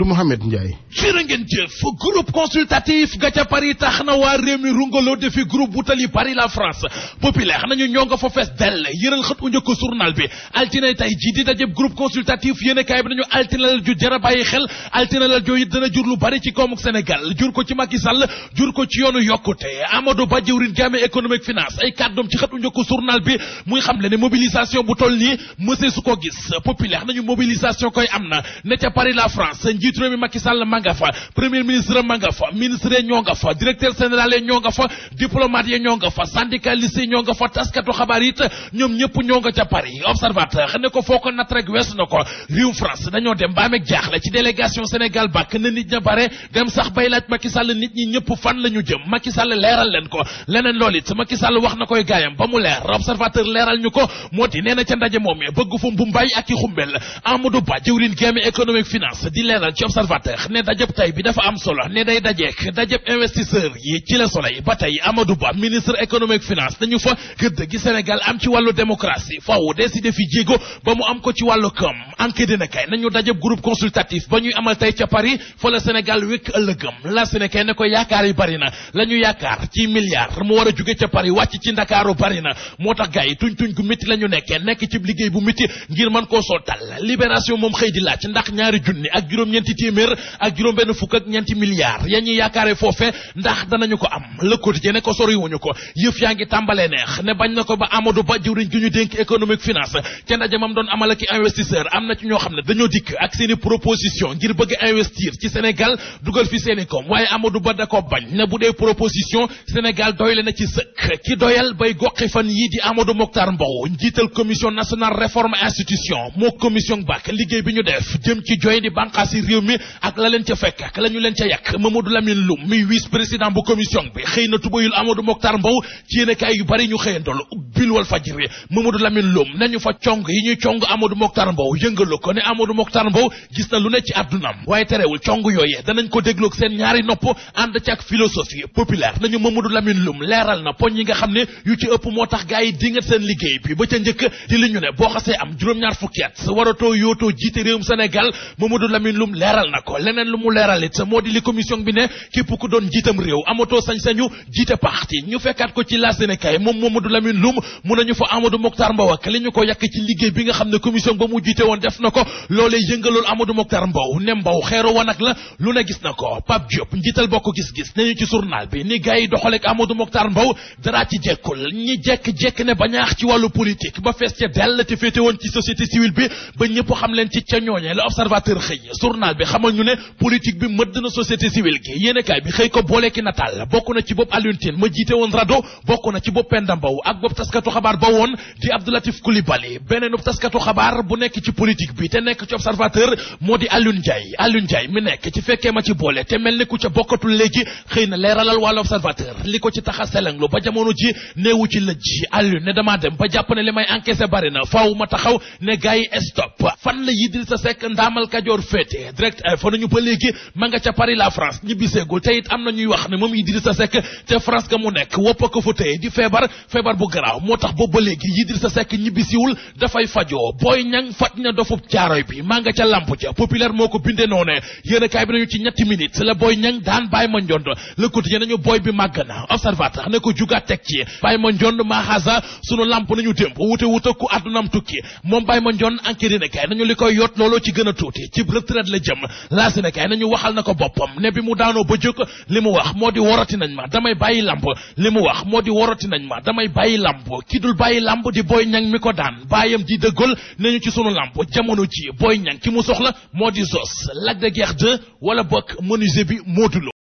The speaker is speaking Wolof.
Amadou Mohamed Ndiaye jërë ngeen jëf groupe consultatif ga ca Paris tax na waa réew mi rungaloo defi groupe bu tali Paris la France populaire nañu ñoo fa fees dell yëral xët u njëkk journal bi altine tey ji di dajeb groupe consultatif yéen bi nañu altine la ju jara xel altine la jooyu dana jur lu bari ci koomuk Sénégal jur ko ci Macky Sall jur ko ci yoonu yokkute Amadou Ba jëwriñ jaame économique finance ay kàddoom ci xët u njëkk journal bi muy xam le ne mobilisation bu toll nii ko gis njiitu réew mi Macky Sall ma nga fa premier ministre ma nga fa ministre ñoo nga fa directeur général ñoo nga fa diplomate yi ñoo nga fa syndicaliste yi ñoo nga fa taskatu xabaar it ñoom ñëpp ñoo nga ca Paris observateur xam ko foo ko natt na ko réew France dañoo dem ba jaaxle ci délégation Sénégal bàkk na nit ña bare dem sax bay laaj Macky nit ñi ñëpp fan la jëm Macky leeral leen ko leneen loolu it wax na koy gaayam ba mu leer observateur i ci observateur ne dajëb tay bi dafa am solo ne day dajeek dajëb investisseur yi ci le soleil ba tey Amadou Ba ministre économique finance dañu fa gëdd gi Sénégal am ci wàllu démocratie faw décider fi jéego ba mu am ko ci wàllu koom enquête nañu dajëb groupe consultatif ba ñuy amal tey ca Paris fa la Sénégal wékk ëllëgëm la Sénégal ne ko yaakaar yi bari na la ñu yaakaar ci milliard mu war a jóge ca Paris wàcc ci Ndakaaru bari moo tax gars yi tuñ la ñu bu métti ngir mën koo sottal libération moom ñeenti téeméer ak juróom benn fukk ak ñeenti milliards ko am le ne ko na ko ba Amadou Ba jëwriñ gi ñu dénk économique finance ca ndaje mam doon amal ak ngir bëgg investir ci Sénégal Ba da bu dee proposition Sénégal doyle na ci sëkk ki doyal bay goqi fan yii di Amadou Mokhtar Mbow njiital commission nationale réforme institution moo commission BAC liggéey bi ñu def jëm ci joy di banqaasi réew mi ak la leen ca fekk ak la ñu leen ca yàq Mamadou Lamine Loum mi vice président bu commission bi xëy na tubayul Amadou Mokhtar Mbow ci yéen yu bari ñu xëyandol ubbil wal fajri Mamadou Lamine Loum nañu fa cong yi ñuy cong Amadou Mokhtar Mbow yëngalu ko ne Amadou Mokhtar Mbow gis na lu ne ci àddunaam waaye terewul cong yooyee danañ ko dégloog seen ñaari nopp ànd ci ak philosophie populaire nañu Mamadou Lamine Loum leeral na poñ yi nga xam ne leeral na ko leneen lu mu leeral it moo di li commission bi ne képp ku doon jiitam réew amatoo sañ-sañu jiite parti ñu fekkaat ko ci la Sénégal moom Mamadou Lamine Loum mu nañu fa Amadou Mokhtar Mbow ak li ñu ko yàq ci liggéey bi nga xam ne commission ba mu jiite woon def na ko loolee yëngalool Amadou Mokhtar Mbow ne Mbow xeeru wanag la lu ne gis na ko Pape Diop njiital bokk gis-gis ne ñu ci journal bi ni gars yi doxaleeg Amadou Mokhtar Mbow dara ci jekkul ñi jekk-jekk ne ba ñaax ci woon ci société civile bi ñëpp xam leen ci ca ñooñee xëy journal bi xamal ñu ne politique bi mëdd na société civile gi yéenekaay bi xëy ko boole nataal bokk na ci bopp Alioune ma jiite woon rado bokk na ci bopp Penda ak bopp taskatu xabaar ba woon di Abdoulatif Coulibaly beneen taskatu xabaar bu nekk ci politique bi te nekk ci observateur moo di Alioune Ndiaye Alioune Ndiaye mi nekk ci fekkee ma ci boole te mel ni ca bokkatul léegi xëy na leeralal wàllu observateur li ko ci taxa selenglu ba jamono ji néewu ci direct info eh, nañu ba léegi ma nga ca Paris la France ñibbiseegul te it am na ñuy wax ne moom Idrissa Seck te France ga mu nekk woppa ko fa tëye di feebar feebar bu garaaw moo tax boobu ba léegi Idrissa Seck ñibbisiwul dafay fajoo booy ñang fat na dofub caaroy bi maa nga ca lamp ca populaire moo ko binde noo ne a bi nañu ci ñetti minutes la booy ñang daan bàyyi ma njond le quotidien nañu booy bi màgg na observateur ne ko jugaat a kaay nañu a jëm laa si nekkaay nañu waxal na ko boppam ne bi mu daanoo ba jëkk li mu wax moo di woroti nañ ma damay bàyyi lamb li mu wax moo di woroti nañ ma damay bàyyi lamb ki dul bàyyi lamb di Boy Niang mi ko daan a di dëggal nañu ci sunu lamb jamono ji Boy Niang ki mu soxla moo di Zos Lac de Guiers 2 wala bokk menuisier bi Modou Lo